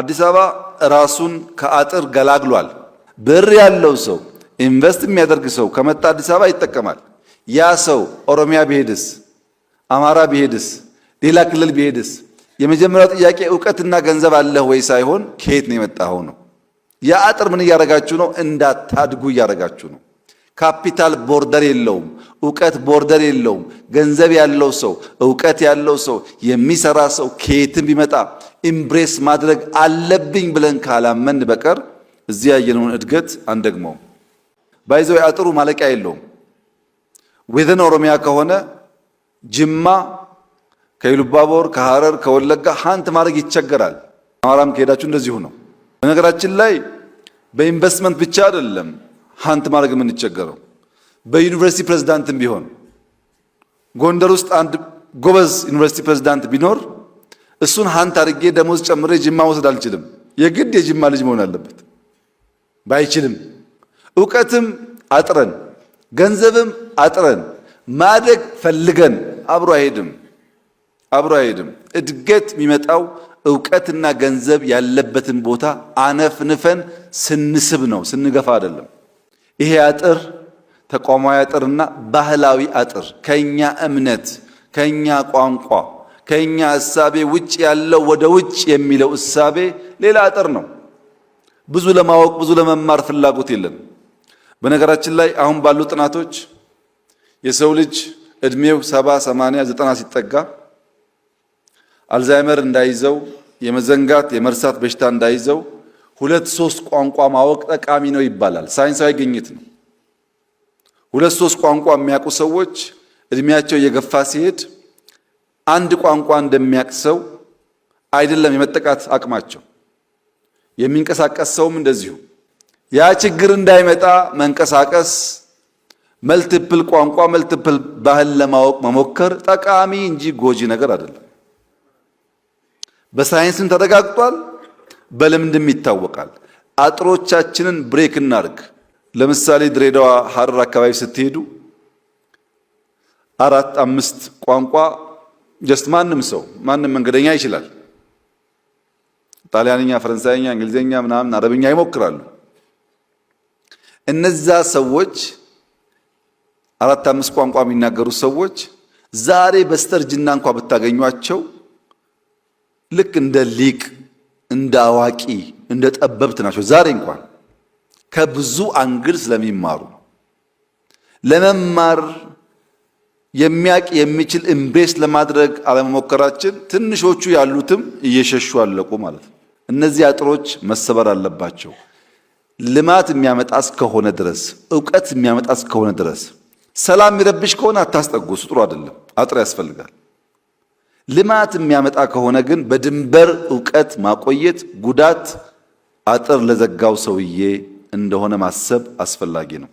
አዲስ አበባ ራሱን ከአጥር ገላግሏል። ብር ያለው ሰው ኢንቨስት የሚያደርግ ሰው ከመጣ አዲስ አበባ ይጠቀማል። ያ ሰው ኦሮሚያ ቢሄድስ፣ አማራ ቢሄድስ፣ ሌላ ክልል ቢሄድስ የመጀመሪያው ጥያቄ እውቀትና ገንዘብ አለህ ወይ ሳይሆን ከየት ነው የመጣኸው ነው። ያ አጥር ምን እያደረጋችሁ ነው? እንዳታድጉ እያደረጋችሁ ነው። ካፒታል ቦርደር የለውም። እውቀት ቦርደር የለውም። ገንዘብ ያለው ሰው፣ እውቀት ያለው ሰው፣ የሚሰራ ሰው ከየትም ቢመጣ ኢምብሬስ ማድረግ አለብኝ ብለን ካላመን በቀር እዚህ ያየነውን እድገት አንደግመው። ባይዘው አጥሩ ማለቂያ የለውም። ዌዘን ኦሮሚያ ከሆነ ጅማ ከኢሉባቦር ከሐረር ከወለጋ ሀንት ማድረግ ይቸገራል። አማራም ከሄዳችሁ እንደዚሁ ነው። በነገራችን ላይ በኢንቨስትመንት ብቻ አይደለም ሀንት ማድረግ የምንቸገረው። በዩኒቨርሲቲ ፕሬዝዳንትም ቢሆን ጎንደር ውስጥ አንድ ጎበዝ ዩኒቨርሲቲ ፕሬዝዳንት ቢኖር እሱን ሀንት አድርጌ ደሞዝ ጨምሬ ጅማ መውሰድ አልችልም። የግድ የጅማ ልጅ መሆን አለበት። ባይችልም እውቀትም አጥረን ገንዘብም አጥረን ማደግ ፈልገን አብሮ አይሄድም፣ አብሮ አይሄድም። እድገት የሚመጣው እውቀትና ገንዘብ ያለበትን ቦታ አነፍንፈን ስንስብ ነው፣ ስንገፋ አይደለም። ይሄ አጥር ተቋማዊ አጥርና ባህላዊ አጥር ከኛ እምነት ከኛ ቋንቋ ከኛ እሳቤ ውጭ ያለው ወደ ውጭ የሚለው እሳቤ ሌላ አጥር ነው። ብዙ ለማወቅ ብዙ ለመማር ፍላጎት የለም። በነገራችን ላይ አሁን ባሉ ጥናቶች የሰው ልጅ እድሜው ሰባ ሰማንያ ዘጠና ሲጠጋ አልዛይመር እንዳይዘው የመዘንጋት የመርሳት በሽታ እንዳይዘው ሁለት ሶስት ቋንቋ ማወቅ ጠቃሚ ነው ይባላል። ሳይንሳዊ ግኝት ነው። ሁለት ሶስት ቋንቋ የሚያውቁ ሰዎች እድሜያቸው እየገፋ ሲሄድ አንድ ቋንቋ እንደሚያውቅ ሰው አይደለም የመጠቃት አቅማቸው። የሚንቀሳቀስ ሰውም እንደዚሁ። ያ ችግር እንዳይመጣ መንቀሳቀስ፣ መልትፕል ቋንቋ መልትፕል ባህል ለማወቅ መሞከር ጠቃሚ እንጂ ጎጂ ነገር አይደለም። በሳይንስም ተረጋግጧል። በልምድም ይታወቃል። አጥሮቻችንን ብሬክ እናርግ። ለምሳሌ ድሬዳዋ ሀረር አካባቢ ስትሄዱ አራት አምስት ቋንቋ ጀስት ማንም ሰው ማንም መንገደኛ ይችላል። ጣሊያንኛ፣ ፈረንሳይኛ፣ እንግሊዝኛ ምናምን አረብኛ ይሞክራሉ። እነዛ ሰዎች አራት አምስት ቋንቋ የሚናገሩ ሰዎች ዛሬ በስተርጅና እንኳ ብታገኟቸው ልክ እንደ ሊቅ እንደ አዋቂ እንደ ጠበብት ናቸው። ዛሬ እንኳን ከብዙ አንግል ስለሚማሩ ለመማር የሚያቅ የሚችል እምቤስ ለማድረግ አለመሞከራችን ትንሾቹ ያሉትም እየሸሹ አለቁ ማለት ነው። እነዚህ አጥሮች መሰበር አለባቸው። ልማት የሚያመጣ እስከሆነ ድረስ እውቀት የሚያመጣ እስከሆነ ድረስ ሰላም የሚረብሽ ከሆነ አታስጠጉ። እሱ ጥሩ አይደለም። አጥር ያስፈልጋል። ልማት የሚያመጣ ከሆነ ግን በድንበር እውቀት ማቆየት ጉዳት አጥር ለዘጋው ሰውዬ እንደሆነ ማሰብ አስፈላጊ ነው።